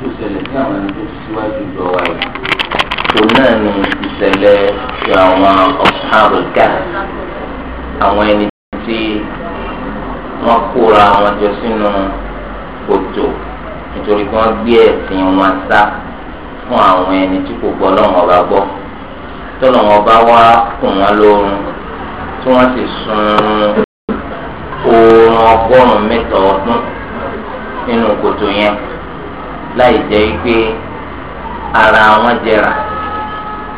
tó ṣẹlẹ̀ sí àwọn ẹni tó síwájú lọ wa yìí tó náà ni ìṣẹ̀lẹ̀ ti àwọn ọ̀ṣàrògà àwọn ẹni tí wọ́n kóra wọn jọ sínú kòtò nítorí kí wọ́n gbé ẹ̀sìn wọn sá fún àwọn ẹni tí kò gbọ́ lọ́wọ́ ọba gbọ́ tọ́lọ́wọ́ ọba wá kùn wọ́n lóorun tí wọ́n sì sun oorun ọgọ́rùn-ún mẹ́ta ọdún nínú kòtò yẹn. láì jẹ́ pé ara wọn jẹrà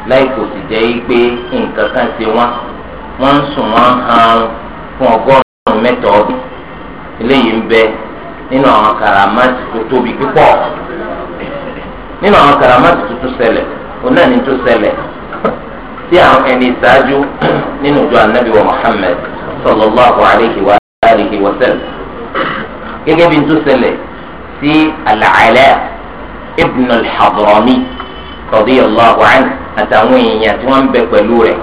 láì kò sì jẹ́ pé nǹkan kan ṣe wọ́n wọ́n ń sùn wọ́n ninu fún ọgọ́rùn-ún mẹ́ta eléyìí ń bẹ nínú àwọn kàràmátì tó tóbi púpọ̀ nínú àwọn kàràmátì tó saju ninu òun náà tó àwọn ẹni nínú ìjọ Muhammad wa gẹ́gẹ́ bí sí Al-Ala ibn al-Hadrami radiyallahu anhu àtàwọn èèyàn tí wọ́n ń bẹ pẹ̀lú rẹ̀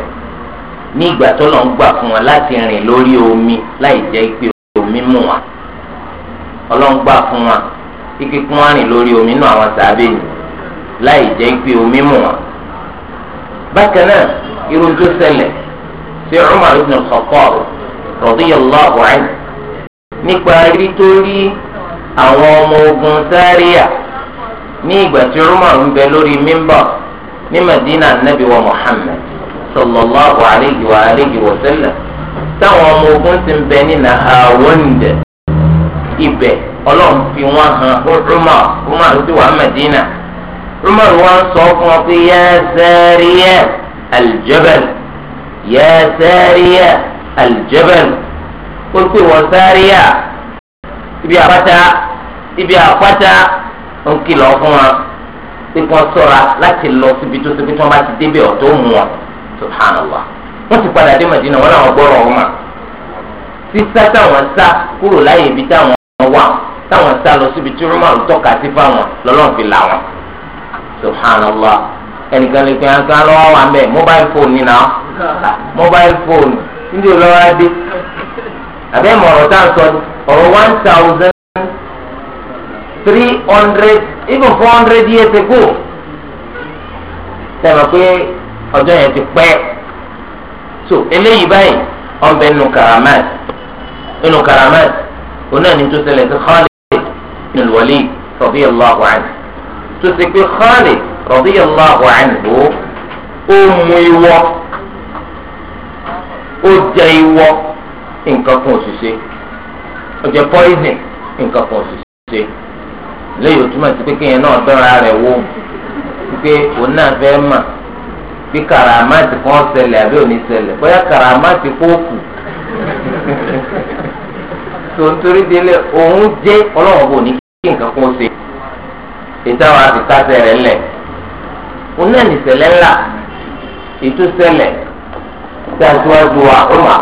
ní ìgbà tó lọ ń gbà fún wọn láti rìn lórí omi láì jẹ́ pé omi mú wọn ọlọ́run gbà fún wọn kíkí kí wọ́n rìn lórí omi náà àwọn sàbẹ̀ láì jẹ́ pé omi mú wọn. bákan náà irun tó ṣẹlẹ̀ sí Umar ibn al-Khattab radiyallahu anhu nípa rí tó rí àwọn ọmọ ogun sáríà ní ìgbà tí Umar ń bẹ lórí mímbà ní Madina anabi wa Muhammad sallallahu alayhi wa alayhi wa sallam táwọn ọmọ ogun ti ń bẹ ní nahawonde ibẹ̀ Ọlọ́run fi wọn hàn Umar Umar ti wà Madina Umar wa ń sọ fún ọ pé yá sáríà aljabal yá sáríà aljabal ó sì wọ sáríà ibi àbáta ibi àpáta ń kìlọ̀ fún wa pé kí wọ́n sọ̀ra láti lọ síbi tó síbi tí wọ́n bá ti débẹ̀ ọ̀ tó wọn subhanallah wọ́n ti padà dé Madina wọn làwọn gbọ́rọ̀ ọ̀hún mà sísá táwọn sá kúrò láyé ibi táwọn wà táwọn sá lọ síbi tí Umar tọ́ka sí fáwọn lọ́lọ́run fi là wọn subhanallah ẹnìkan lè pín ankan lọ́wọ́ wa mẹ́ mobile phone nínà mobile phone níbi olówó adé àbẹ́ mọ̀rọ̀ tá a sọ ọ̀rọ̀ one thousand three hundred even four hundred years ago sẹ́wọ̀n pé ọjọ́ yẹn ti pẹ́ so eléyìí báyìí ọ̀nbẹ nù karamat nù karamat onáà ní tó ṣẹlẹ̀ sí Khalid bin Walid radiyallahu anhu tó ṣe pé Khalid radiyallahu anhu ó mú iwọ ó jẹ iwọ nǹkan kan òṣìṣẹ́ ó jẹ poison nǹkan kan òṣìṣẹ́ léyìí ó túmọ̀ sí pé kéèyàn náà dọ́ra rẹ̀ wò pé òun náà fẹ́ mà bí karamáàtì kan ṣẹlẹ̀ àbí òní ṣẹlẹ̀ bóyá karamáàtì kó kù tó ń torí délé òun jẹ́ ọlọ́run bò ní kí nǹkan kó ṣe ètò àwọn àfikásẹ̀ rẹ̀ lẹ̀ òun náà nìṣẹ̀lẹ̀ ńlá ètò ṣẹlẹ̀ tí a ti wá ju wa Umar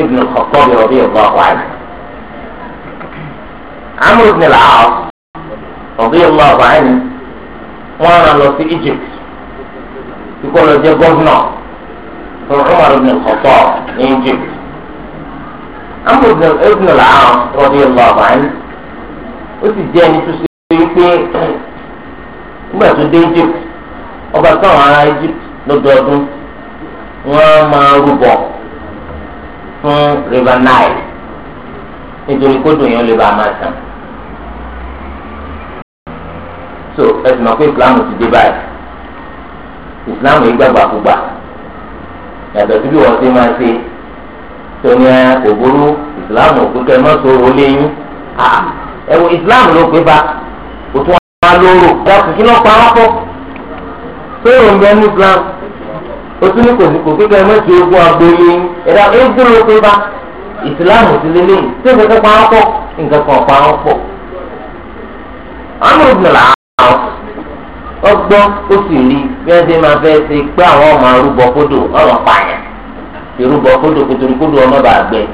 ibn al-Khattab radiyallahu anhu Amr ibn al-As ọ̀bí ọlọ́ àbáyé wọ́n rán lọ sí Egypt kíkọ́ lọ jẹ́ gọ́vnọ̀ fún Umar ibn al-Khattab ní Egypt. Amr ibn al-As rọ́bí ọlọ́ àbáyé ó sì jẹ́ ẹni tó ṣe é pé nígbà tó dé Egypt ọba táwọn ará Egypt lọ́dọọdún wọ́n máa rúbọ fún River Nile nítorí kó dùn yẹn lè bá a máa tàn. so ẹsùn náà pé islam ti dé báyìí islam yìí gbàgbàkúgbà yàtọ̀ síbi wọ́n ti máa ṣe tó ní òbúrú islam òkú kẹ́ mọ́ sọ̀rọ̀ léyìn ẹ wo islam ló pé bá o tún wá lóró dákun kí lọ́ọ́ pa wá pọ̀ sọ̀rọ̀ ń bẹ ní islam o tún ní kò sí kò kíkẹ́ mọ́ sí ogún agbo léyìn ẹ̀dá eégún ló pé bá islam ti lé léyìn tí o kẹ́kẹ́ pa wá pọ̀ nǹkan kan pa wá pọ̀ àmọ́ òbí nìlá. àwọn ọgbọ́n ó sì rí bí wọ́n ṣe máa fẹ́ ṣe pé àwọn ọmọ arúgbó kódò ọ̀rọ̀ pààyàn ìrúbọ kódò ti mọ bẹ́ẹ̀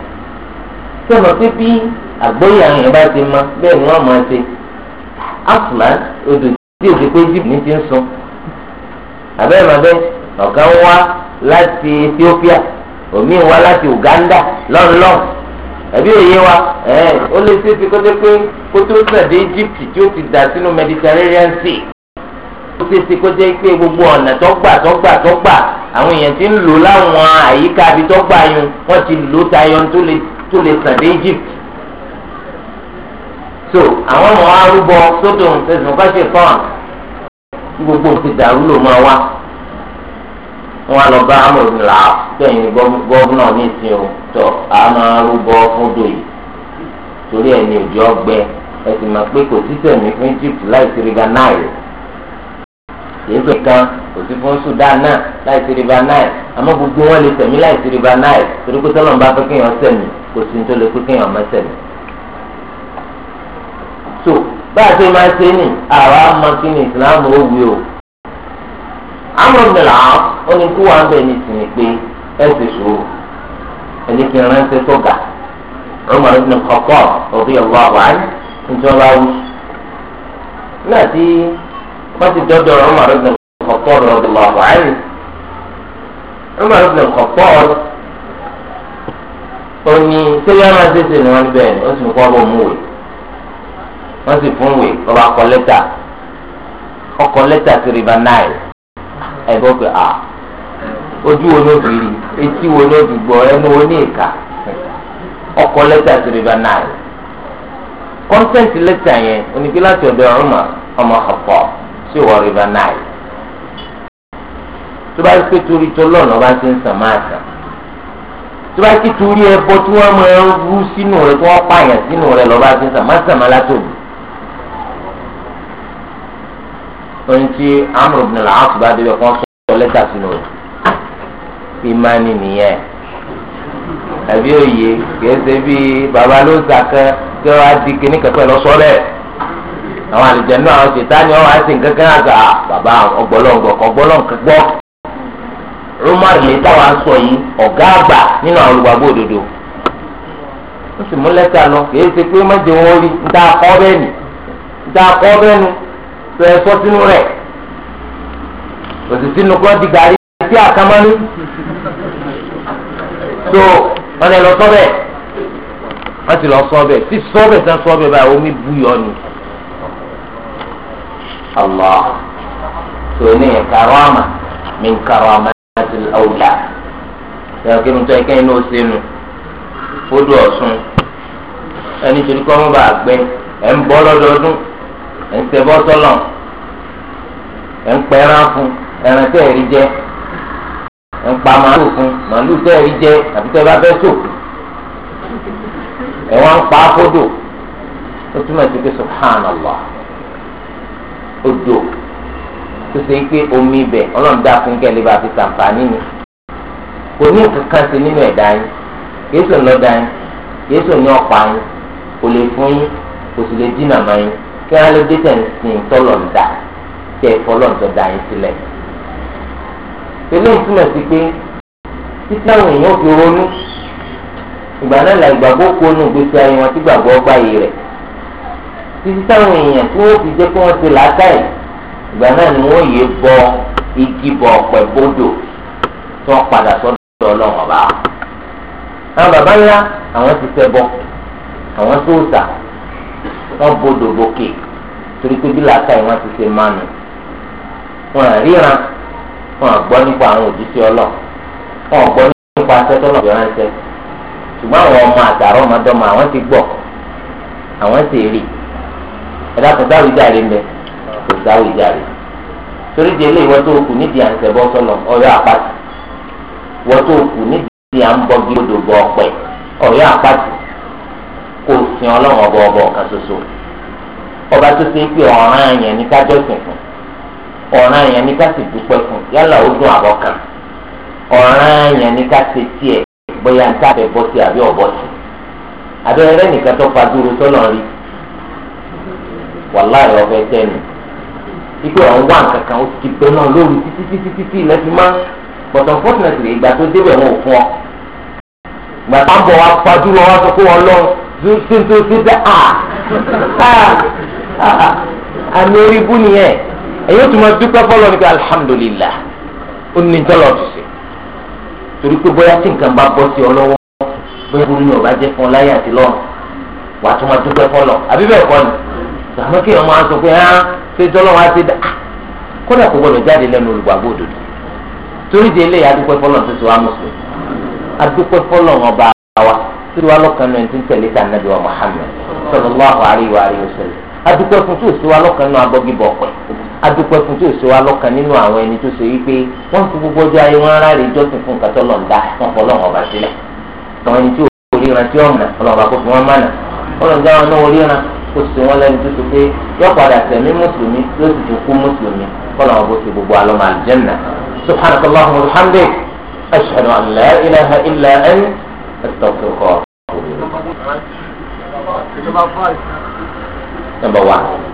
ni wọ́n ti pé jíìpù ní ti ń sun ọ̀gá ń wá láti Ethiopia wá láti Uganda lọ́nlọ́n. ẹbí òye wa ẹ ó lè ṣe ti kọ́tẹ́ pé kó tó sàdé Egypt tí ó ti dà sínú Mediterranean Sea ó ṣe ti kọ́tẹ́ pé gbogbo ọ̀nà tọ́gbà tọ́gbà tọ́gbà àwọn èèyàn ti ń lò láwọn àyíká àbí tọ́gbà yun wọ́n ti lò tayọ tó lè sàdé Egypt so àwọn ọmọ arúgbó sódò ẹsùn kọ́ṣe kan gbogbo ti dàrú ló máa wá wọn lọ bá amòfin làá tẹ̀yìn gọ́ọ̀nà ní ìsìn o tọ a máa rúbọ fódò yìí torí ẹ̀ ní òjò ọgbẹ ẹ sì mọ̀ pé kò sí tẹ̀mí fún Egypt láì sí river Nile èso kan kò sí fún Sudan náà láì sí river Nile àmọ́ gbogbo wọn lè tẹ̀mí láì sí river Nile torí pé tọ́lọ́mù bá fẹ́ kéèyàn sẹ̀mí kò sí nítorí pé kéèyàn má sẹ̀mí. so bá a ṣe máa ṣe ní àwa máa kí ni Islam ó wí o àwọn ọmọ ìlànà ó ní kú wa bẹ̀ ní ìsìn pé ẹ ti sòrò ẹni kí n ránṣẹ́ tó ga Umar ibn Khattab radiyallahu anhu ìjọba wù náà tí wọ́n ti dọ́dọ̀ Umar ibn Khattab radiyallahu anhu Umar ibn Khattab ó ní sẹ́yìn àwọn àṣẹṣe ni wọ́n bẹ̀rẹ̀ ní oṣù kọ́ bó mú wèé wọ́n sì fún wèé ọba kọ lẹ́tà ọkọ lẹ́tà sí rìbá náírà ẹ̀ gbọ́ pé a. Ah, ojú wo ló fi rí etí wo ló fi gbọ́ ẹnu wo ní ìka ọkọ lẹ́tà sí rìbá náà kọ́ńtẹ́ǹtì lẹ́tà yẹn onígbé láti ọ̀dọ̀ Umar ọmọ ọ̀pọ̀ sí wọ rìbá náà tó bá pé torí tó lọ́nà bá ti ń sàn máa sàn tó bá ti torí ẹbọ tí wọ́n máa ń rú sínú rẹ̀ tí wọ́n pààyàn sínú rẹ̀ lọ́ba ti ń sàn máa sàn máa látòbí. ohun ìmánì nìyẹn àbí òye kìí ṣe baba ló zàkẹ́ tí wọ́n di kíní kẹ́kẹ́ lọ́sọ́ bẹ́ẹ̀ àwọn àlejò náà àwọn ṣètáni wọn á sì kankan àgbà ah, bàbá ọgbọlọgbọ ọgbọlọgbọ gbọ Umar lè táwa sọ yìí ọgá àgbà nínú àwọn òdodo ó sì lọ kìí ṣe pé wọn rí ni nu sọ ẹ sí àkàmánú so wọn lè lọ sọ bẹ́ẹ̀ wọn ti lọ sọ bẹ́ẹ̀ tí sọ bẹ́ẹ̀ sọ sọ bẹ́ẹ̀ báyìí omi bu yọ ni allah so ní karama min karama àti ọ̀la yàrá kí n tọ́ ẹ kẹ́yìn náà ṣe nu fódù ọ̀sùn ẹni tó ní kọ́ ọ́n bá gbẹ ẹ̀ ń bọ́ lọ́dọọdún ẹ̀ ń tẹ bọ́ sọ́lọ̀ ẹ̀ ń pẹ́ ẹran fún ẹran tẹ́ ẹ̀rí jẹ́. ń pa màálù fún màálù tẹ́ ẹ jẹ àbí ẹ bá ẹ ń pa fódò ó túmọ̀ sí pé subhanallah odò tó ṣe pé omi ọlọ́run dá fún kẹ́lẹ́ bá fi ni kò ní kankan sí nínú ẹ̀dá yín kìí sùn lọ́dà yín kìí sùn ní ọ̀pá yín kò lè fún yín kò sì lè dínà mọ́ yín kí wọ́n lè dé tẹ̀ ń tẹ́lẹ̀ ìtumọ̀ sí pé títí àwọn èèyàn fi ronú ìgbà náà la ìgbàgbọ́ kónú gbèsè ayé wọn tí gbàgbọ́ gbà yìí rẹ̀ títí táwọn èèyàn tí wọ́n fi jẹ́ pé wọ́n ti làákàyè ìgbà náà ni wọ́n yé bọ igi bọ ọ̀pẹ bódò tí wọ́n padà sọ́dọ̀ ọlọ́run ọba. àwọn bàbá ńlá àwọn ti fẹ́ bọ àwọn tó sà wọ́n bodò bòkè torí pé bí làákàyè wọn ti ṣe mánu wọn àríran. wọn àgbọ́ nípa àwọn òjíṣẹ́ ọlọ wọn àgbọ́ nípa asẹ́tọ́ náà fi ránṣẹ́ ṣùgbọ́n àwọn ọmọ àtàrọ̀ ọmọdọ́mọ àwọn ti gbọ́ àwọn ti rí ẹ̀dá kò sáwìí jáde mbẹ kò sáwìí jáde torí di eléyìí wọ́n tó kù nídìí àpàtì tó kù nídìí àpàtì kò kan ọba tó ṣe é pé ní fún ọ̀ràn yẹn ní ká sì dúpẹ́ fún yálà ó dún ọ̀ràn yẹn ní ká ṣe tiẹ̀ bóyá ń àbí abẹ́rẹ́ nìkan tó fa dúró sọ́nà rí tẹ́nu wà kankan ó ti náà lóru títí títí títí but unfortunately ìgbà tó débẹ̀ wọn ò fún ọ ń bọ̀ wá fa dúró wá sọ pé lọ èyí tó máa dúpẹ́ fọlọ́ nípa alhamdulillah ó ní tọ́lọ̀ tó ṣe torí pé bóyá tí nǹkan bá bọ́ sí ọ lọ́wọ́ bóyá burú ni ọba jẹ́ fún ọ láyé àti lọ́run wàá tó máa dúpẹ́ fọlọ́ àbí bẹ́ẹ̀ kọ́ ni àmọ́ kí ọmọ aṣọ pé hàn ah, ṣe tọ́lọ́ wá ṣe dá ah, kódà kò gbọdọ̀ jáde lẹ́nu olùgbàgbọ́ òdodo torí di eléyìí adúpẹ́ fọlọ́ adúpẹ́ fún tí ò ṣe wá lọ́kàn nínú àwọn ẹni tó ṣe wípé wọ́n fi gbogbo ọjọ́ ayé wọn rárẹ̀ ìjọsìn fún nǹkan tọ́lọ̀ ń dá wọn fọ́ lọ́wọ́ ọba sílẹ̀ àwọn ẹni tí ò ríran tí ọ̀nà ọlọ́ba kò fi wọ́n mánà ọlọ́dún àwọn náà ríran kò sí wọn lẹ́nu tó ṣe pé yóò tẹ̀mí mùsùlùmí ló sì fi kú mùsùlùmí kọ́lọ́wọ́ bó ṣe gbogbo alọ́mọ àlùjẹ́nà subhanaka wa bihamdik ashhadu number one.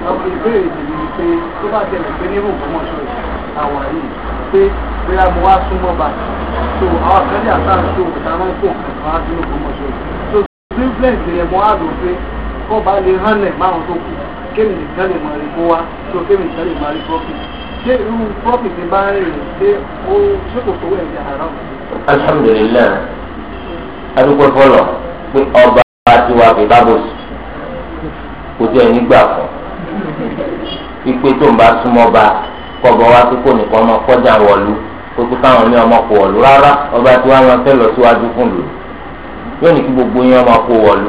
ọ̀pọ̀ ìbéèrè tèmi ni pé tó bá tẹ̀lé pé nírú Ògbómọ̀ṣọ́ àwọn yìí pé bóyá mo wá súnmọ́ bá so àwọn akẹ́lẹ́ àtàrà tó òkúta máa ń pò kàn án sínú Ògbómọ̀ṣọ́ so influence yẹn mo á lò pé kọ́ bá lè hánlẹ̀ márùn tó kù kémi nìkan lè mọ rí kó wá so ti bá rìn ṣé ó kò tẹ ẹni gbà fún ipe tó ń bá súnmọ́ ba kọ́bọ̀ wá sí kò nìkan ọmọ kọjá wọ̀lú kó tó káwọn ní ọmọ kò wọ̀lú rárá ọba tí wọ́n máa fẹ́ lọ síwájú fún lò yóò ní kí gbogbo yín ọmọ kò wọ̀lú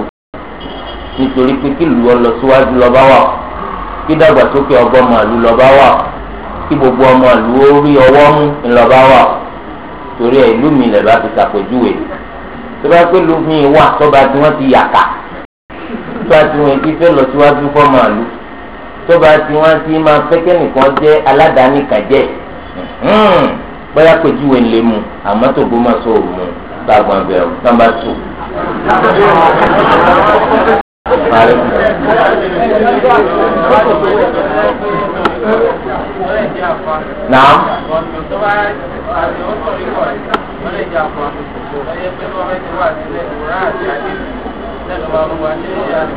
nítorí pé kí lù ọ lọ síwájú lọ́ba wà kí dàgbàsókè ọgbọ́n màlúù lọ́ba wà kí gbogbo ọmọ ìlú ó rí ọwọ́ mú ńlọba wà torí ẹ̀ ìlú mi lẹ̀ bá ti ṣàpèjúwe tó bá pé lómi wà tọ́ba tí wọ́n ti yàkà ìfà tí wọn ti fẹ́ lọ síwájú fọ́ màálù tọ́ba tí wọ́n ti máa pẹ́kẹ́ nìkan jẹ́ aládàáni kàjẹ́ hmm. bóyá pèjúwe lè mu àmọ́ tó gbó máa sọ̀rọ̀ mu gbàgbọ́n bẹ́ẹ̀ o nàmbà tù. Nàá. Thank you.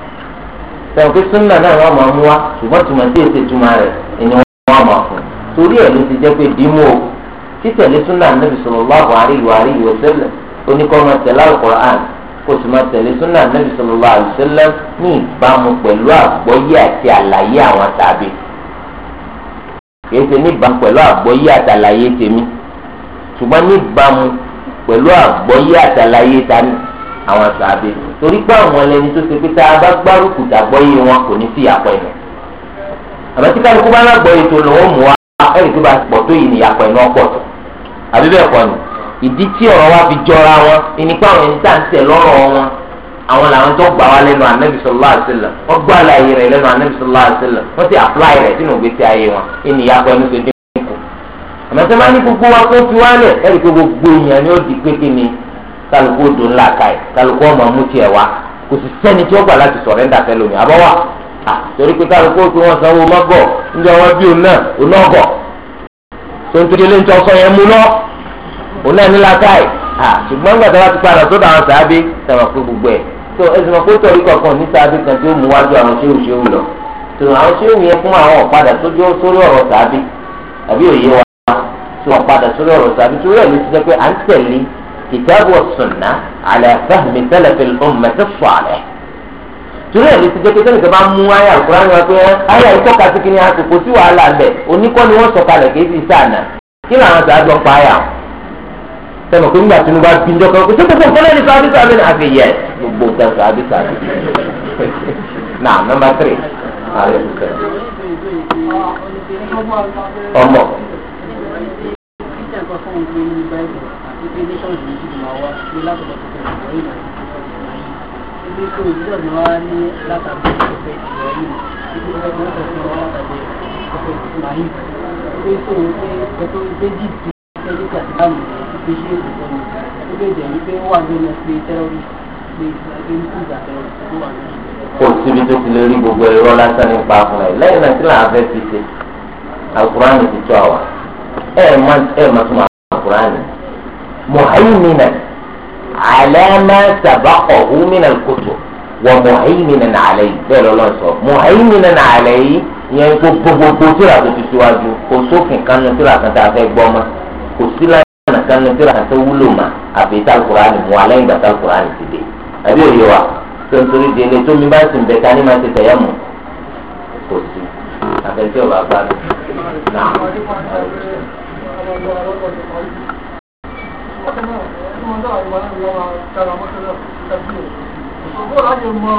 sẹ́wọ̀n pé súnà náà wọ́n máa mú wa ṣùgbọ́n tùmọ̀ tí èsì túmọ̀ rẹ̀ ẹni wọ́n máa fún torí ẹ̀ ló ti jẹ́ pé dìímù o títẹ̀lé súnà nàbì sallallahu alaihi wa alihi wa sallam oníkọ́ tẹ̀lé al-Qur'an kò sì máa tẹ̀lé súnà nàbì sallallahu alaihi wa ní ìbámu pẹ̀lú àgbọ́yé àti àlàyé àwọn tàbí kèése níbàámu pẹ̀lú àgbọ́yé àtàlàyé tèmi ṣùgbọ́n níbàámu pẹ̀lú àgbọ́yé àtàlàyé tani àwọn sàbẹ torí pé àwọn ẹlẹni tó ṣe pé tá a bá gbárùkù dàgbọ́ yìí wọn kò ní fi àpọ̀ ẹ̀mẹ̀ àmọ́ tí kálukú bá náà gbọ́ ètò lòun mú wa ẹ̀rì tó bá pọ̀ tó yìí ní àpọ̀ ẹ̀mẹ̀ ọ̀pọ̀ tó àbí bẹ́ẹ̀ kọ́ ni ìdí tí ọ̀rọ̀ wa fi jọra wọn ẹni pé àwọn ẹni tá à ń tẹ̀ lọ́rọ̀ wọn àwọn làwọn tó gbà wá lẹ́nu anabi sallallahu alaihi wasallam wọ́n gbọ́ àlàyé rẹ̀ lẹ́nu anabi sallallahu alaihi wasallam wọ́n ti apply rẹ̀ sínú ìgbésí ayé wọn ẹni ìyá pẹ̀lú ṣe dínkù. àmọ́ sẹ́máà ní gbogbo wa kó fi wálẹ̀ ẹ̀rí pé gbogbo èèyàn ni ó di pé kí ni kálukú odò ńlá ka yìí kálukú ọmọ mú tiẹ̀ wá kò sì sẹ́ni tí ó gbà láti sọ̀rẹ́ńdà fẹ́lómi àbọ̀ wá torí pé kálukú ó fi wọn sanwó mọ́gbọ̀ níjọ wọn bí òun náà òun náà gọ̀ tó ń tẹ́lẹ̀ ń yẹn mú lọ òun náà yìí ṣùgbọ́n láti pé gbogbo ẹ̀ tó الكتاب والسنة على فهم سلف الأمة الصالح torí ẹ̀ lè ti jẹ́ pé tẹ́lifẹ̀ bá mú àyà àkùrán yẹn pé àyà ìtọ́ka sí kìnìún àti kò sí wàhálà ń bẹ̀ oníkọ́ ni wọ́n sọ̀kalẹ̀ kì í sì sànà kí làwọn sàá jọ pa àyà sẹ́nu pé nígbà tí mo bá bí njọ́kọ́ kò sẹ́kọ̀ọ́ fẹ́lẹ́ ní sàbí sàbí ní àfi yẹ gbogbo nǹkan sàbí sàbí. náà nọ́mbà tírì ààrẹ ìfẹ́ ọmọ wípé nations méjì ló máa wá ní látọ̀dọ̀ tó fẹ́ ìwọ̀ yìí wípé kò ìgbọ̀ ni wá ní látàbí tó fẹ́ ìwọ̀ yìí wípé kò ìgbọ̀ tó fẹ́ wá látàbí tó fẹ́ ìwọ̀ yìí wípé kò wípé ẹ̀tọ́ méjì ti fẹ́ ní kàtìlámù wípé ṣé ìwọ̀ ni wípé jẹ́ wípé wà nínú pé tẹ́rọ̀rì pé ìgbà tẹ́rọ̀rì tó wà nínú kò síbi tó ti lè rí gbogbo ẹ̀rọ lásán nípa fún ẹ lẹ́yìn náà tí làá fẹ́ fi ṣe alukurani ti tó àwà ẹ má ẹ má tún àlukurani مهيمنا على ما سبقه من الكتب ومهيمنا عليه bẹ́ẹ̀ lọ́lọ́ sọ مهيمنا عليه yẹn gbogbo gbogbo tíra tó ti síwájú kò sófin kanu kan tá a kò sí lánà kanu kan tó wúlò àfi mu ti dé àbí òye wa tontori bá bẹ ti mu kò sí bákan náà tí mo dára ìwà náà yọra dára mọ́tò náà tẹ̀sí o òṣogbo láyé mọ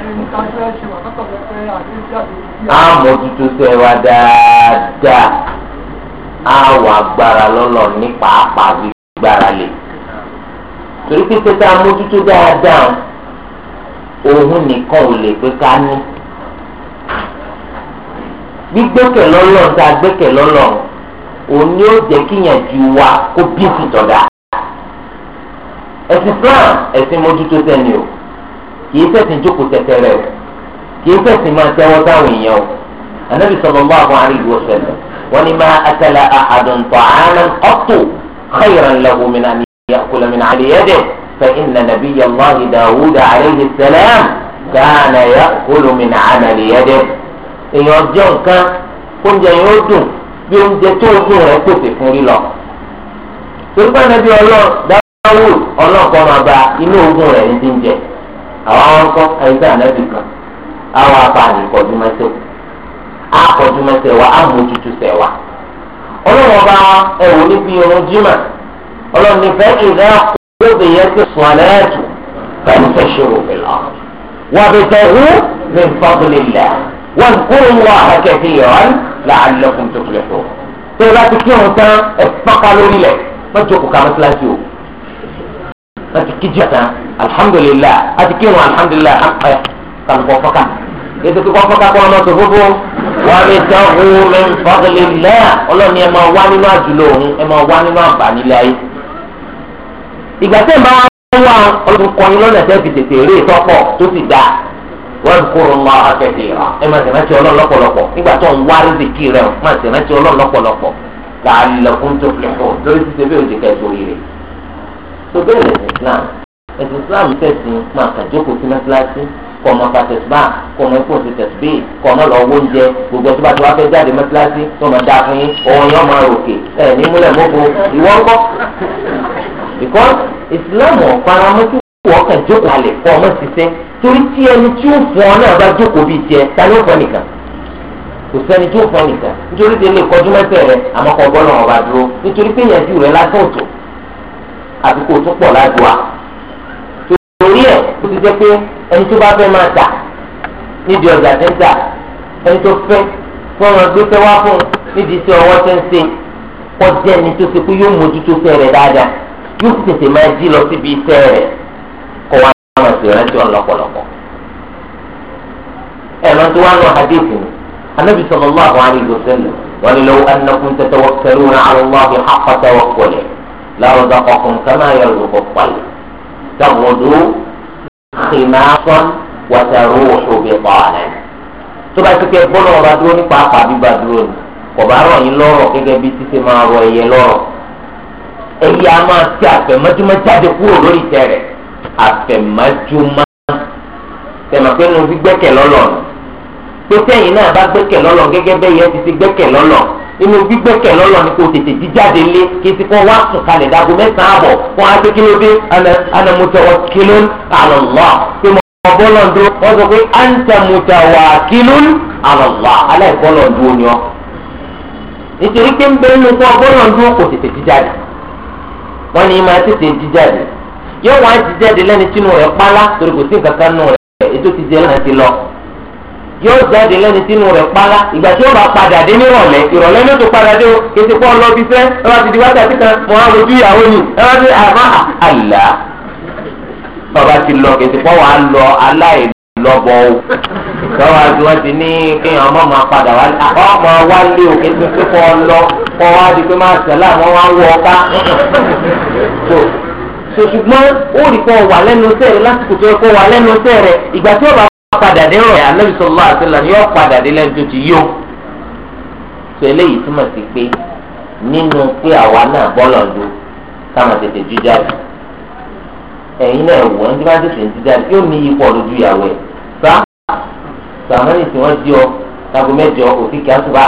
ẹni ká fẹ́ ṣe wà kọ́kọ́ dáadáa a wà gbára lọ́lọ́ ní pàápàá gbígbára lè torí pípẹ́ tá a mójútó dáadáa òun nìkan ò lè pé ká ní gbígbẹ́kẹ̀ lọ́lọ́ tá gbẹ́kẹ̀ lọ́lọ́ òun ni ó jẹ́ kíyànjú wa kó bí sí tọ́da ẹ̀sìn plan ẹ̀sìn mójútó sẹ́ni o kì í ṣẹ̀sìn jókòó tẹ̀tẹ̀rẹ̀ o kì í ṣẹ̀sìn máa tẹ́wọ́ táwọn èèyàn o anabi sallallahu alayhi wa sallam wọn ni máa akala ahadun ta'aman qattu khayran lahu min an ya'kula min 'ala yadihi fa inna nabiyya allahi dawud alayhi salam kana ya'kulu min 'amali yadihi èèyàn jẹ́ nǹkan oúnjẹ yẹn ó dùn bí oúnjẹ tó ojú rẹ̀ pèsè fún rí lọ. torípé ẹnẹbí ọlọ́run dáwọ́ ọlọ́ọ̀kan máa ba inú ogun rẹ̀ ń dín jẹ àwọn àwọn kọ́ ẹgbẹ́ ànábì kan àwọn apààyàn ìkọ̀jú mẹ́sẹ̀ àkọ̀jú mẹ́sẹ̀ wa àmójútó sẹ̀ wa. ọlọ́run ọba ẹ̀wò níbi irun jimá ọlọ́run ní fẹ́ẹ́ ìdá kóòdù yẹn ti sùn alẹ́ ẹ̀tù fẹ́ẹ́ fẹ́ ṣòro bìlá wàbẹ̀tẹ̀ hu ní fọ́bìlì lẹ̀ wọ́n kúrò wọ́n àkẹ́kẹ́ yọ̀ọ́ la'allakum tuflihun tó o bá ti kí òun tán ẹ pọ́nká lórí lẹ̀ wọ́n jókòó ká mọ́sálásí o wọ́n ti kí jẹ́ tán alhamdulilayi a ti kí òun alhamdulilayi ẹ kàlùkọ́ fọ́ká ètò kíkọ́ fọ́ká kọ́ ọmọ tó gbogbo wọ́n lè tẹ́ ohun mi ń fọ́kẹ́lẹ́ lẹ́yà ọlọ́ni ẹ máa wá nínú àjùlọ òun ẹ máa wá nínú àǹfààní ilé ayé ìgbà tẹ́ ń bá wá ọlọ́run kọrin wadhkuru Allaha kathira ẹ máa ṣe rántí Ọlọ́run lọ́pọ̀lọpọ̀ nígbà tó ń wá rìzìkì rẹ̀ o máa ṣe rántí Ọlọ́run lọ́pọ̀lọpọ̀ la'allakum tuflihun torí ti ṣe bẹ́ẹ̀ oúnjẹ kẹsì oríire. tó bẹ́ẹ̀ lẹ́sìn Islam ẹ̀sìn Islam tẹ̀sìn máa kàn jókòó sí mẹ́sàlásí kọ ọmọ fa tẹsibá kọ ọmọ ikú òsì tẹsibí kọ ọmọ lọ wóúnjẹ gbogbo ẹtí bá ti wá fẹ́ jáde mẹtíláṣí tó máa dáa fún yín òun yóò máa ròkè ẹ ní múlẹ̀ mọ́kò ìwọ ńkọ́. because islam ọ̀faramọ́ tí wọ́n kàn jókòó alẹ̀ kọ́ ọmọ ṣiṣẹ́ torí tí ẹni tí ó fún ọ náà bá jókòó bíi tiẹ̀ ta ni ó fọ́ nìkan kò sẹ́ni tí ó fọ́ nìkan nítorí tí ilé ìkọjú mẹ́sẹ̀ rẹ àmọ́ kọ́ bọ́ náà ọba dúró nítorí pé ìyẹn ti rẹ̀ lásán òtò àti kò tó pọ̀ ládùá torí ẹ̀ ó ti jẹ́ pé ẹni tó bá fẹ́ máa tà nídìí ọjà tí ń tà ẹni tó fẹ́ fún ọmọ gbé fẹ́ wá fún nídìí iṣẹ́ ọwọ́ tí ń ṣe kọjá ẹni tó ṣe pé yóò mójútó fẹ́ rẹ̀ dáadáa yóò tètè máa jí lọ síbi iṣẹ́ rẹ̀ ti rántí wọn lọ́pọ̀lọpọ̀ ẹ̀rọ tó wá lọ hadith ni anabi sallallahu alayhi wa sallam wa law annakum tatawakkaluna ala Allahi haqqa tawakkuli la razaqakum kama yarzuqu at-tayr taghdu khimasan wa taruhu bitanan tó bá kékeré bọ́lọ̀ ọba dúró nípa apá bíbá dúró ni kò bá rọ̀ lọ́rọ̀ gẹ́gẹ́ bí títí máa rọ ẹyẹ lọ́rọ̀ ẹyẹ a máa ti àfẹ̀mọ́júmọ́ jáde kúrò lórí tẹ̀rẹ̀ àfẹ̀májúmá tẹ̀mọ̀pẹ́ nu ti gbẹ́kẹ̀ lọ́lọ́ pé sẹ́yìn náà bá gbẹ́kẹ̀ lọ́lọ́ gẹ́gẹ́ bẹ́ẹ̀ yẹn ti ti gbẹ́kẹ̀ lọ́lọ́ inú gbígbẹ́kẹ̀ lọ́lọ́ ni kò tètè jíjáde lé kí ti kọ́ wá sùn kalẹ̀ dago mẹ́sàn-án àbọ̀ fún adékélódé alọ́lá pé mo bọ́lọ̀ ń dúró wọ́n sọ pé alọ́lá aláìbọ́lọ̀ ń dúró ni ọ́ nítorí pé ń bẹ́ẹ̀ yóò wá ti jáde lẹ́ni tínú rẹ̀ pálá torí kò sí nǹkan kan nù rẹ̀ ètò ti jẹ́ lẹ́ni ti lọ. yóò jáde lẹ́ni tínú rẹ̀ pálá ìgbà tí ó bá padà dé nírọ̀lẹ́ ìrọ̀lẹ́ ló tó padà dé o kété pọ́ lọ bí fẹ́ ẹ wá ti di wákàtí kan mọ àwọn ojú ìyàwó ni ẹ wá ti àmọ́ àlá bàbá ti lọ kété pọ́ wàá lọ aláìlọ́bọ̀ o lọ́wọ́ àti wọ́n ti ní kí ọmọ máa padà wá ọmọ wá lé òkè tó pé kọ́ lọ kọ́ wá di pé máa sẹ́lá wọn wá wọ ọ tó ṣùgbọ́n ó rí kọ́ wà lẹ́nu sẹ́ rẹ lásìkò tó kọ́ wà lẹ́nu sẹ́ rẹ ìgbà tí ó padà dé rọ̀ ti nínú pé àwa náà bọ́lọ̀ ń táwọn tètè jíjà jù ẹ̀yin náà wò ẹni tí wọ́n tètè jíjà jù yóò ní ipò lójú ìyàwó ẹ̀ sá sàmánì tí wọ́n di ọ lágbo mẹ́jọ òfin kí á tù bá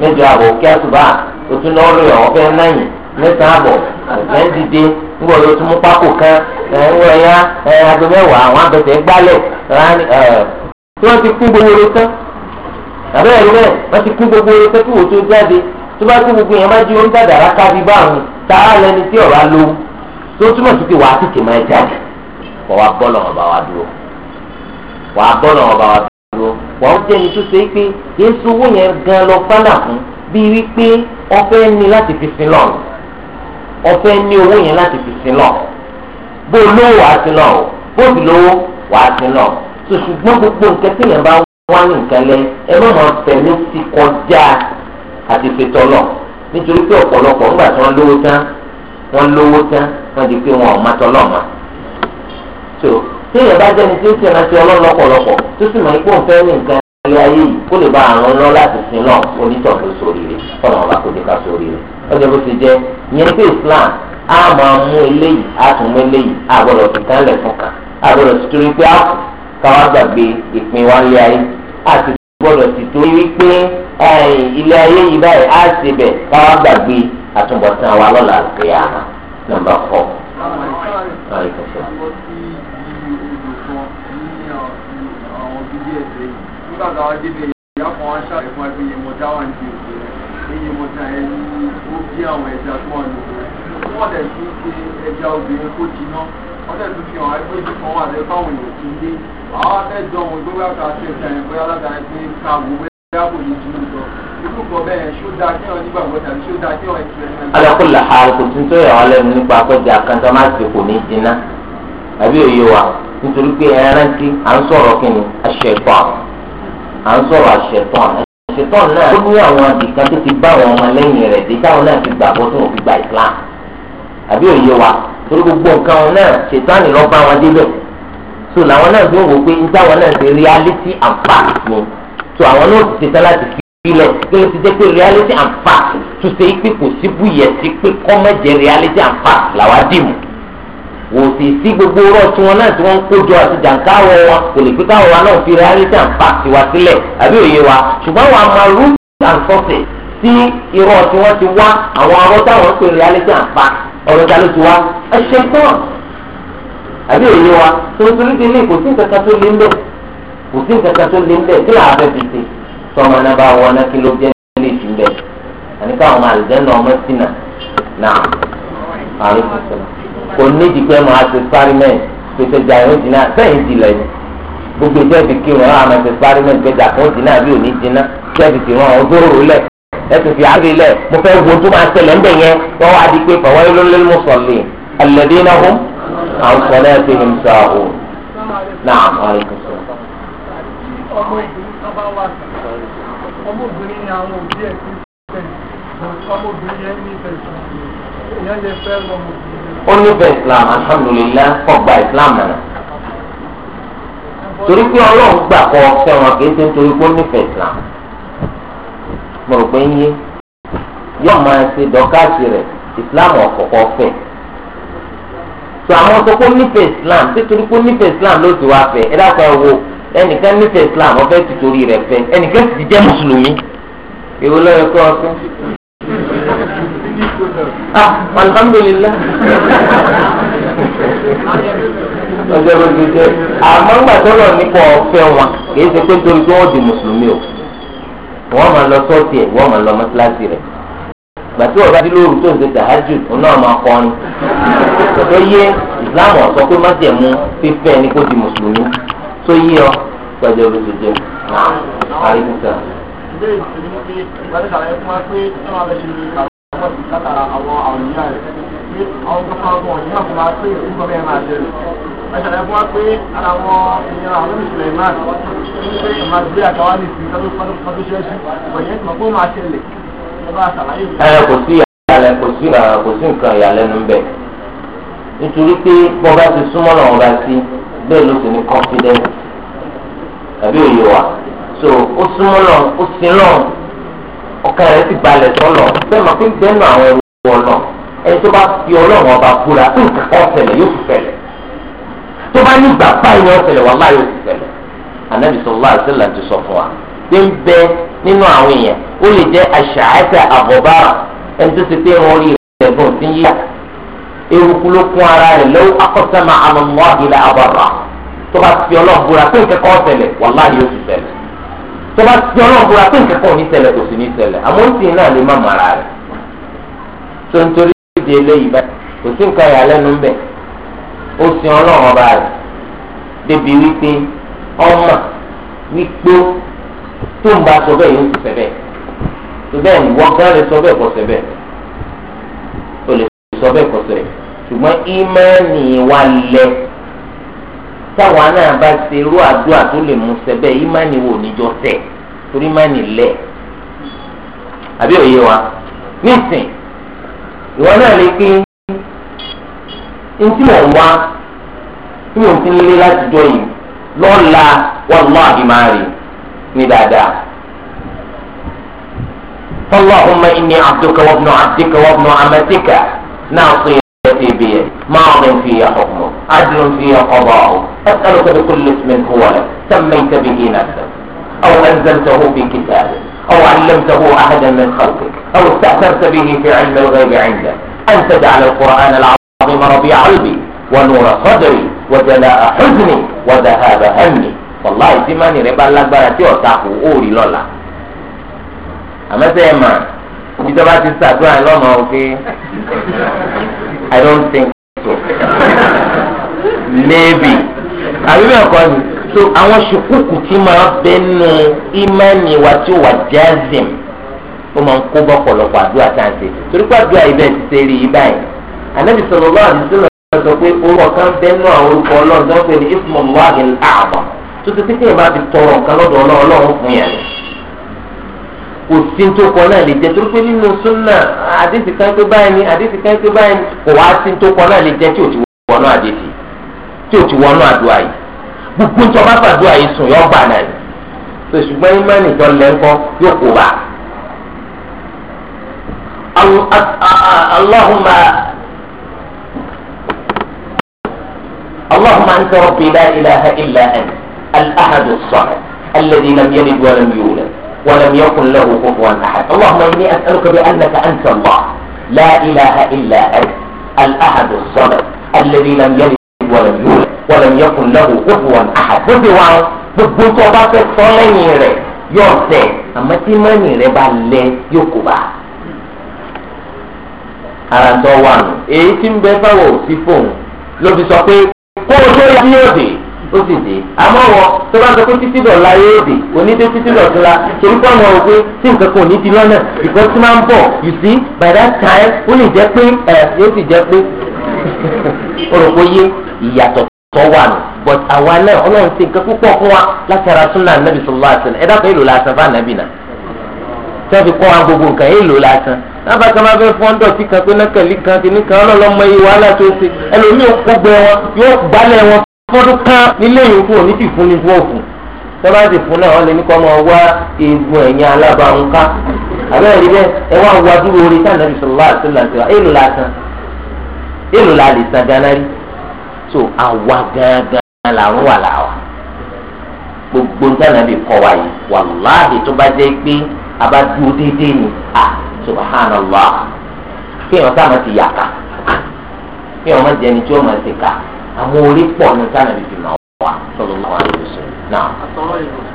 mẹ́jọ àbọ̀ kí á tù bá òtún náà lóyún ẹ̀ ń dìde ń ló tún mú pákó kan ẹ̀ ń wọ mẹ́wàá àwọn abẹ́tẹ̀ gbálẹ̀ tí wọ́n ti kún gbogbo rẹ tán àbẹ́ ẹ̀rí bẹ́ẹ̀ wọ́n ti kún gbogbo rẹ tán kí wò tó jáde tó bá kún gbogbo yẹn má jí oúnjẹ dàrá kábí lẹni tí ọ̀rọ̀ tó túmọ̀ sí pé wàá tètè máa jáde kọ́ wa bọ́ lọ́wọ́ bá wa dúró wàá bọ́ lọ́wọ́ ọfẹ ní owó yẹn láti fi sin bó lówó wàá o bó lówó wàá so ṣùgbọ́n gbogbo nǹkan tí yẹn bá wá ní nǹkan lẹ ẹ má máa tẹ̀lé kọjá àti fetọ́ lọ nítorí pé ọ̀pọ̀lọpọ̀ ńgbà tí wọ́n lówó tán wọ́n lówó tán wọ́n wọn ò má tọ́lọ̀ mọ́ so tí yẹn bá jẹ́ni tí ó ti ọlọ́lọ́pọ̀lọpọ̀ tó sì máa ń ilé ayé yìí kó lè bá àrùn lọ láti sin náà onítọ̀ ló sórí rẹ̀ fọlọ́ wọn bá kó lè ká sórí rẹ̀ ọjọ́ bó ti jẹ́ yẹn pé Islam á máa mú eléyìí á tún mú eléyìí á gbọ́dọ̀ fi kánlẹ̀ fún kan á gbọ́dọ̀ ti torí pé á káwá gbàgbé ìpín wa ilé ayé á ti gbọ́dọ̀ ti torí wípé ilé ayé yìí báyìí á ti bẹ̀ káwá gbàgbé àtúbọ̀tán wa lọ́la àgbéyàmá nọ́mbà fọ́. nígbà táwọn débẹ̀ ìyá kan wá ṣàlàyé fún ẹgbẹ́ yẹn mo dá wà ní òkè rẹ̀ iye mo ta ẹni ó bí àwọn ẹja tó wà lóko rẹ̀ wọ́n dẹ̀ tún ṣe ẹja obìnrin kó jiná wọ́n dẹ̀ tún fi hàn ẹgbẹ́ ìdí kan wà lẹ́fọ́ àwọn èèyàn ti dé àwọn afẹ́jọ́ wọn gbé wákà sí ẹ̀ka yẹn bóyá ládàá ẹni pé ká wò bóyá kò ní jù lọ irú kan bẹ́ẹ̀ ṣó dáa kí wọ́n nígbàgbọ́ tàbí ṣó dáa kí wọ́n ẹ̀kẹ́ alákòlà àrùkù tí ń tó yà wọn lẹ́nu nípa akọ́jà kan tó máa ti kò ní jiná àbí òye wa nítorí pé ẹran tí à ń sọ̀rọ̀ kí ni aṣọ ẹ̀kọ́ àwọn à ń sọ̀rọ̀ àṣetán àṣetán náà ó ní àwọn àdìkan tó ti bá àwọn ọmọ lẹ́yìn rẹ̀ dé táwọn náà ti gbàgbọ́ tó wọn fi gba Islam àbí òye wa torí gbogbo nǹkan wọn náà ṣètánì lọ bá wọn débẹ̀ so làwọn náà fi ń wò pé táwọn náà ti reality and fact ni so àwọn náà ti ṣetán láti fi ilẹ̀ kí ló ti jẹ́ pé reality and fact tó ṣe é pé kò síbú yẹ sí pé kọ́mọ̀jẹ́ reality and fact làwọn á dì mú. wò sì sí gbogbo rọ tí wọn náà tí wọn ń kójọ àti jàǹkáwọ wọn kò lè pé wa náà fi rárí tàn pa tiwa sílẹ̀ àbí òye ṣùgbọ́n wọ́n ti wá àwọn arọ́ ta ló ti wá ẹ tán àbí òye wa torítorí ti ní kò sí nǹkan kan tó lé kò fi ṣe sọmọ náà kò ní di pé mo àti experiment pèsè ìjà ìhun dì náà sẹ́yìn dì lẹ́yìn gbogbo ìjọ ìbí kí wọn àmọ́ àti experiment pèsè àkàn dì náà bí òní dínà sẹ́ẹ̀dì tì wọn ọgọ́rùn-ún lẹ̀ ẹ̀sìn fi àárẹ̀ lẹ̀ mo fẹ́ wo tó máa ṣẹlẹ̀ ńbẹ̀ yẹn wọ́n wá di pé fọwọ́ ló lé mú sọ̀lì alladhina hum an salatihim sahun náà ọmọbìnrin ni àwọn òbí ẹ̀ ti fẹ́ ọmọbìnrin yẹn ní ìfẹ̀sùn ìyẹn ó nífẹ̀ẹ́ islam alhamdulillah kọgbà islam nana torí pé ọlọ́run gbà kọ fẹ́ràn kì í ṣe nítorí pé ó nífẹ̀ẹ́ islam mo rò pé ń yé yóò máa ṣe dọ́kàṣì rẹ̀ islam ọ̀kọ̀ọ̀kọ̀ fẹ́ tó àwọn tó kó nífẹ̀ẹ́ islam títorí pé ó nífẹ̀ẹ́ islam ló ti wá fẹ́ ẹ dákọ̀ ẹ wo ẹnìkan nífẹ̀ẹ́ islam ọ̀fẹ́ ti torí rẹ̀ fẹ́ ẹnìkan ti jẹ́ mùsùlùmí èwo lọ́yọ̀ ọ ah alhamdulilah ọjọ́ bó ti jẹ́ àmọ́ ńgbà tó lọ nípa ọ̀fẹ́ wọn kì í ṣe pé torí pé wọ́n di mùsùlùmí o wọ́n máa lọ sọ́ọ̀tì ẹ̀ wọ́n máa lọ mọ́tíláṣí rẹ̀ gbàtí wọ́n bá dé lóru tó ń ṣe tàhájù òun náà máa kọrin tó yé islam ọ̀sọ́ pé má jẹ̀mú fífẹ́ ni kó di mùsùlùmí tó yé ọ gbàjọ́ bó ti jẹ́ àríkùsà pọ̀ sí látara àwọn àwòyá rẹ̀ ní àwọn tó fọ́n ọgbọ̀n yìí àfọwọ́ pé ìfúnpọ̀ bẹ́ẹ̀ máa ṣẹlẹ̀ ẹ̀ṣẹ̀lẹ̀ fún wa pé ara wọn ìyẹn àwọn ìṣẹ̀lẹ̀ ìmáà ní pé ìmàgbé àtàwọn nìsín tọ́jú ṣẹ́ṣù ìwọ̀nyẹn tí mo kó máa ṣẹlẹ̀ ẹ kò sí ìyàlẹ kò sí kò sí nǹkan ìyàlẹ́nu ń bẹ nítorí pé bọ́n bá ti súnmọ́ náà wọ́n sí bẹ́ẹ̀ ló sì ní confidence tàbí òye wa so ó súnmọ́ náà ó sin náà ọkàn rẹ̀ sì balẹ̀ sọ́nà bẹ́ẹ̀ máa fi ń dẹ́nu àwọn ẹrù ọ̀nà ẹni tó bá fi ọlọ́run ọba búra nǹkan ọ̀sẹ̀lẹ̀ yóò fi fẹ̀lẹ̀ tó bá ní ìgbà báyìí ni ọ̀sẹ̀lẹ̀ wà láyò fi fẹ̀lẹ̀ anabi sọlá àṣẹlẹ̀ ti sọ fún wa pé ń bẹ nínú àwọn èèyàn ó lè jẹ́ àṣàáṣà àbọ̀bá ẹni tó ti pé wọn rí ẹ̀gbọ́n tí ń yíyà eruku ló kún ara rẹ̀ lọ́wọ́ akọ́sẹ́mà àmọ́ àbílẹ̀ àbọ̀rà tó bá fi ọlọ́run búra pé nǹkan ọ̀sẹ̀lẹ̀ wà láyò fi fẹ̀lẹ̀ tó bá ti ọlọ́run fúnra pé nǹkan kan ò ní ṣẹlẹ̀ kò sì ní ṣẹlẹ̀ àmọ́ ń sìn náà lè má mara rẹ̀ tó ń torí ìdí eléyìí báyìí kò sí nǹkan ìyàlẹ́nu bẹ̀ ó sin ọlọ́run ọba rẹ̀ débi wípé ọmọ wípé tó ń bá sọ bẹ́ẹ̀ yóò sì fẹ́ bẹ́ẹ̀ tó bẹ́ẹ̀ ni wọ́n gán lè sọ bẹ́ẹ̀ kọ́ sẹ́ bẹ́ẹ̀ o lè sọ bẹ́ẹ̀ kọ́ sẹ́ ṣùgbọ́n ìmánì wa lẹ táwa náà bá ṣe irú àdúrà tó lè mú sẹ́bẹ̀ ìmánì wò níjọ sẹ̀ torí ìmánì lẹ̀ àbí òye wa nísìn ìwọ náà lè pín ntí mò ń wá tí mò ń ti lé láti jọ yìí lọ́la wọn mọ àbímárì ní dáadáa. اللهم إني عبدك وابن عبدك وابن أمتك ناصيتي بيد ماض في حكمك عدل في قضاءه أسألك بكل اسم هو لك سميت به نفسك أو أنزلته في كتابك أو علمته أحدا من خلقك أو استأثرت به في علم الغيب عندك أن تجعل القرآن العظيم ربيع قلبي ونور صدري وجلاء حزني وذهاب همي والله سيماني lágbára tí ọ̀tá kù ó rí lọ́la àmọ́sẹ̀ ẹ̀ máa ìjọba ti اولي لولا اما سيما lola amose e maa I don't think so navy àbí bẹ́ẹ̀ kọ́ ni so àwọn ṣùkúkù tí máa bẹ nù ìmánì wa tí ó wà jazim ó máa ń kó bọ́ pọ̀lọpọ̀ àdúrà tá à ń ṣe torí pé àdúrà ibẹ̀ ti ṣe rí i báyìí ànábì sallallahu alaihi wasallam sọ pé orúkọ kan bẹ àwọn orúkọ ọlọ́run tó ń pè ní ismullahi al-a'zam tó ti pínpín ìbá fi tọrọ nǹkan lọ́dọ̀ ọlọ́run fún yẹn kò sí tó kọ náà lè jẹ torí pé nínú súnà àdéhìí kan tó báyìí ni àdéhìí kan tó báyìí kò wá sí tó kọ náà lè jẹ tí ò ti wọ tí o ti wọnú àdúrà yìí gbogbo tí o bá fàdúrà yìí sùn yọ ọgbà náà yìí tó ṣùgbọ́n yín imáni ìjọ lẹ́ńkọ́ yóò kó bá. Allahumma Allahumma anta rabbi la ilaha illa anta al-ahad as-samad alladhi lam yalid wa lam yulad wa lam yakun lahu kufuwan ahad Allahumma inni as'aluka bi annaka anta Allah la ilaha illa anta al-ahad as-samad الذي لم يلد ولم يولد wọ́n lè yẹ kó lẹ́wọ̀ gbogbo wọn àhà gbogbo wọn gbogbo tó o bá fẹ́ sọ lẹ́yìn rẹ̀ yóò tẹ̀ àmọ́ tí mọ́nì rẹ̀ bá lẹ yóò kó bá. ara tó wà nù èyí tí ń bẹ fáwọn òsì fóun ló fi sọ pé kó o tó yá yóò dé ó sì dé àmọ́ wọn tó bá sọ pé títí dọ̀la yóò dé onídé títí dọ̀túnla torí pé àwọn òwe tí nǹkan kan ò ní di lọ́nà ìkọ́ tí máa ń bọ̀ you see by that time ó lè jẹ́ pé ẹ̀ yóò sì jẹ́ pé òròkó yé ìyàtọ̀ tọ́wà nù but àwa náà ọlọ́run ti nǹkan púpọ̀ fún wa látara súnà nàbì sallallahu Ẹ wasallam ẹ̀dá eh, kan èlò nàbì na. ànábì náà tẹ́ẹ̀fì kọ́ gbogbo nǹkan èlò lásán nàbà máa fẹ́ fún kan pé nákàlí kan kan ọlọ́lọ́mọ iye wàhálà tó ṣe ẹlòmíì ò kó gbẹ wọn yóò gbálẹ̀ wọn fọ́dún kan so àwa gangan làrún wà làwà gbogbo dáná bí kọ wa yìí wàláhì tó bá jẹ́ pé a bá ni à subhanallah kí èèyàn sáà máa ti yàtà kí èèyàn máa jẹ ẹni tí ó máa ti kà àwọn orí pọ̀ ní sáà bí fi máa wà sọlọ lọ́wọ́ àdìsọ náà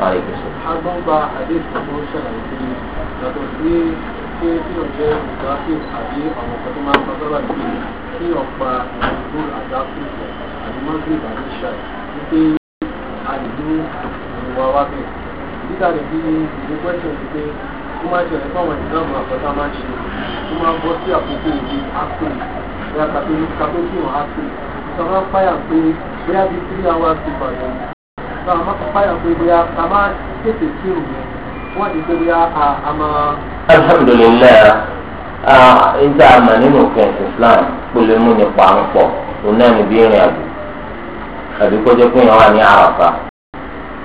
àdìsọ. agbọ́ngba àdìsọ ló ṣàlàyé pé yàtọ̀ sí pé kí o jẹ́ ìdáfíì àbí àwọn ọ̀pọ̀ tó máa ń pa sábà bíi kí ọ̀pá ìdúró àdáfíì mọ́tìrì àti ìṣà wípé a lè ní ìwà wa bẹ́ẹ̀ títà lè bí ìwé pẹ́sẹ̀ wípé ó máa ṣẹlẹ̀ fáwọn ìdáàbò àkọ́tà máa ṣe ó máa bọ́ sí àkókò òde ápè ìyá kàtókì hàn ápè ìtọ́lá fáyà pé bóyá bíi three hours ti bàjẹ́ ìtọ́lá máa fáyà pé bóyá ká máa tètè kí òun wọ́n ti pé bóyá a máa. alhamdulilayi n ta àmà nínú kẹ̀ǹtì Islam kò nípa ń pọ̀ òun náà ní bí ìrìn àjò àbí kọjá pé yẹn wà ní àràfà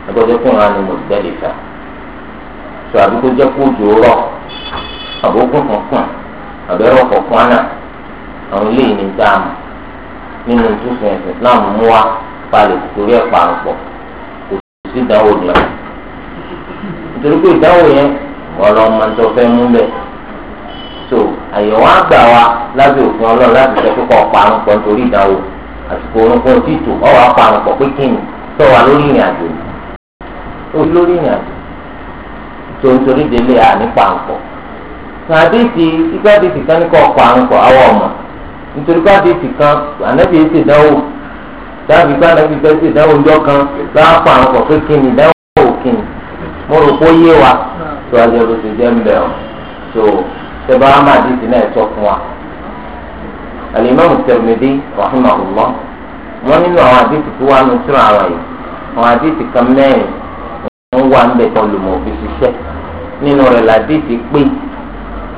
àbíkọjá pé yẹn wà ní mọ̀tẹ́lifà sọ àbíkọjá pé òjò rọ àbókùn kankan àbẹ̀rọ̀ kankan náà àwọn eléyìí ní dáàmú nínú ìtúsùn ẹ̀sìn Islam mú wa balẹ̀ torí ẹ̀ parun pọ̀ kò sí ìdánwò ní ọ̀hún nítorí pé ìdánwò yẹn ọ̀rọ̀ ọmọ tó fẹ́ mú bẹ́ẹ̀ so àyẹ̀wò àgbà wa lábẹ́ òfin ọlọ́run láti sọ pé kọ́ parun nítorí ìdánwò. àsìkò orúnkún ojú ìtò ọwọ́ apá àwọn pọ̀ pé kí ni tó wà lórí ìrìn àjò ni ó lórí ìrìn àjò tó nítorí délé à nípa àǹkọ̀ sàdéèsì ìgbàdéèsì kan ní kọ́ ọ̀pọ̀ àwọn ọmọ nítorí gbàdéèsì kan ànábì èsì ìdánwò dábì bá ànábì fẹ́ ìdánwò kan láwọn apá pé kí ni ìdánwò òkè ni mo rò pé ó yé wa hmm. tó àjọ ló ti ń bẹ̀ ọ́ tó tẹ bá má àdéèsì náà fún wa. alimami Tirmidhi rahimahullah wọn nínú wọn wà ń bẹ tán lùmọ òfin ṣiṣẹ́ nínú rẹ̀ làdìsí pé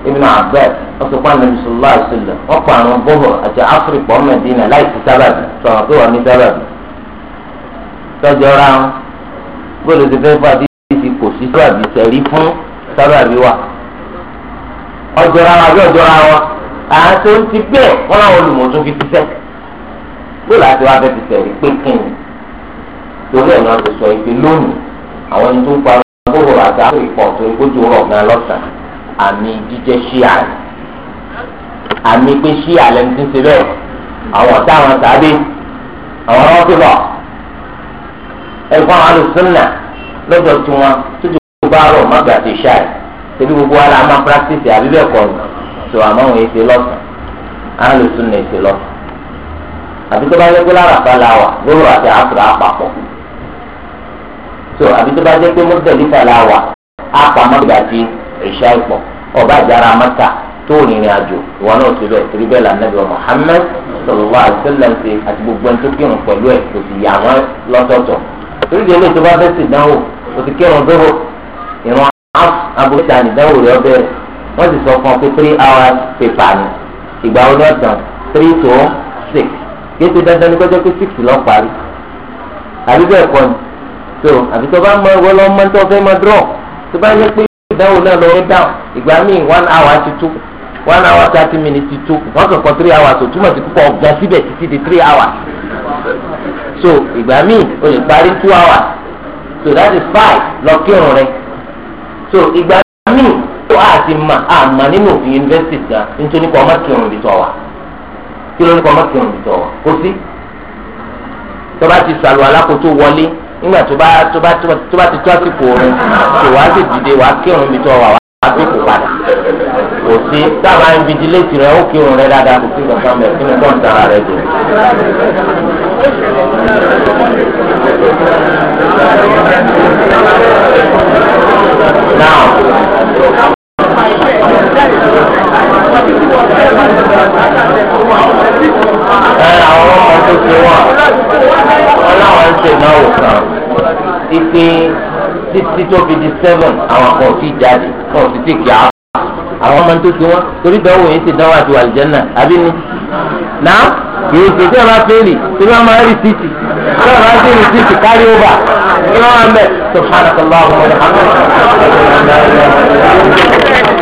Ibn Abbas wọn sọ pé anabi sọlá àṣìlẹ wọn kọ àrùn bọhọ àti áfíríkà ọmọ ẹdínà láì sí sábàbí sọ̀rọ̀ pé àti ó ti bẹ́ẹ̀ wọ́n láwọn olùmọ̀tún fi ti sẹ́ bó láti wá bẹ́ẹ̀ ti tẹ̀lé pé kí ni torí ẹ̀ náà ti sọ ìpè lónìí àwọn ẹni tó ń parọ́ gbogbo àti àwọn ìpọ̀ tó ń gbójú rọ̀ gan lọ́sàn-án àmì jíjẹ́ ṣíà àmì pé ṣíà lẹ́nu ti ń ṣe bẹ́ẹ̀ àwọn ọ̀tá àwọn tàbí àwọn ọ̀rọ̀ tó lọ ẹ̀fọn alùsùnà lọ́dọ̀ tiwọn tó ti gbogbo àrò má gbà ti ṣáà tẹ̀lé gbogbo wa la máa pírásìtì àbí so àmọ́ òun èsè lọ́sàn án lè tún èsè lọ́sàn àbí tó bá yẹ pé lára bá la wà lóru àti àkùrà àpapọ̀ so àbí tó bá jẹ́ pé mọ́tẹ́lífà la wà àpamọ́ ìgbà tí ìṣá ìpọ̀ ọba àjára mọ́ta tó rìnrìn àjò ìwọ náà ti bẹ̀ torí bẹ́ẹ̀ lànà ìwọ Muhammad sallallahu alaihi wasallam àti gbogbo ẹni tó kírun pẹ̀lú ẹ̀ kò sì yà wọ́n lọ́tọ̀ọ̀tọ̀ torí délé tó bá fẹ́ sì dánwò kò sì kírun dúró ìran àbúrò ìtàn ìdánwò rẹ̀ ọbẹ̀ rẹ̀ wọ́n sì sọ fún ọ pé three hours paper ni ìgbà wo ni ọ̀tàn three to six kéde dandan ni kọjá pé six lọ parí àbí bẹ́ẹ̀ kọ́ ni so àbí tó bá mọ ìwọ lọ mọ tó fẹ́ máa draw tó bá yẹ pé ìdánwò náà lọ rí down ìgbà míì one hour ti tó one hour thirty minutes ti tó wọ́n kàn kọ́ three hours ò túmọ̀ sí púpọ̀ ọ̀gbọ́n síbẹ̀ títí di three hours so ìgbà míì o lè parí two hours so that is five lọ kírun rẹ so ìgbà àti mà àmà nínú òfin yunifásitì gan nítorí kọ́ ọmọ kírun ibi tọ́ wa kí ló ní kọ́ ọmọ kírun ibi tọ́ wa kó sí. tó bá ti sàlù alákòótó wọlé nígbà tó bá tó bá tó bá ti tó àsìkò orin tó wá sì dìde wá kírun ibi tọ́ wa wá fi kò padà kò sí táwọn invigilétì rẹ ó kírun rẹ dáadáa kò sí kankan mẹ kí ni kọ́ ń tara rẹ dùn. now ló ṣe wọ́n wọ́n láwọn ń ṣe ìnáwó kan ìpè títí tó fi di seven àwọn kan ò tí ì jáde kan ò sì tí ì kí á àwọn ọmọ tó ṣe wọ́n torí dánwò yìí ti dánwò àti wàlìjẹ́nà àbí ni nà yìí ṣe tí a máa fẹ́ẹ̀lì tí wọ́n máa rí títì tí wọ́n máa rí títì kárí ó bà kí wọ́n máa mẹ́ sọ̀rọ̀ àtàlọ́ àwọn ọmọdé.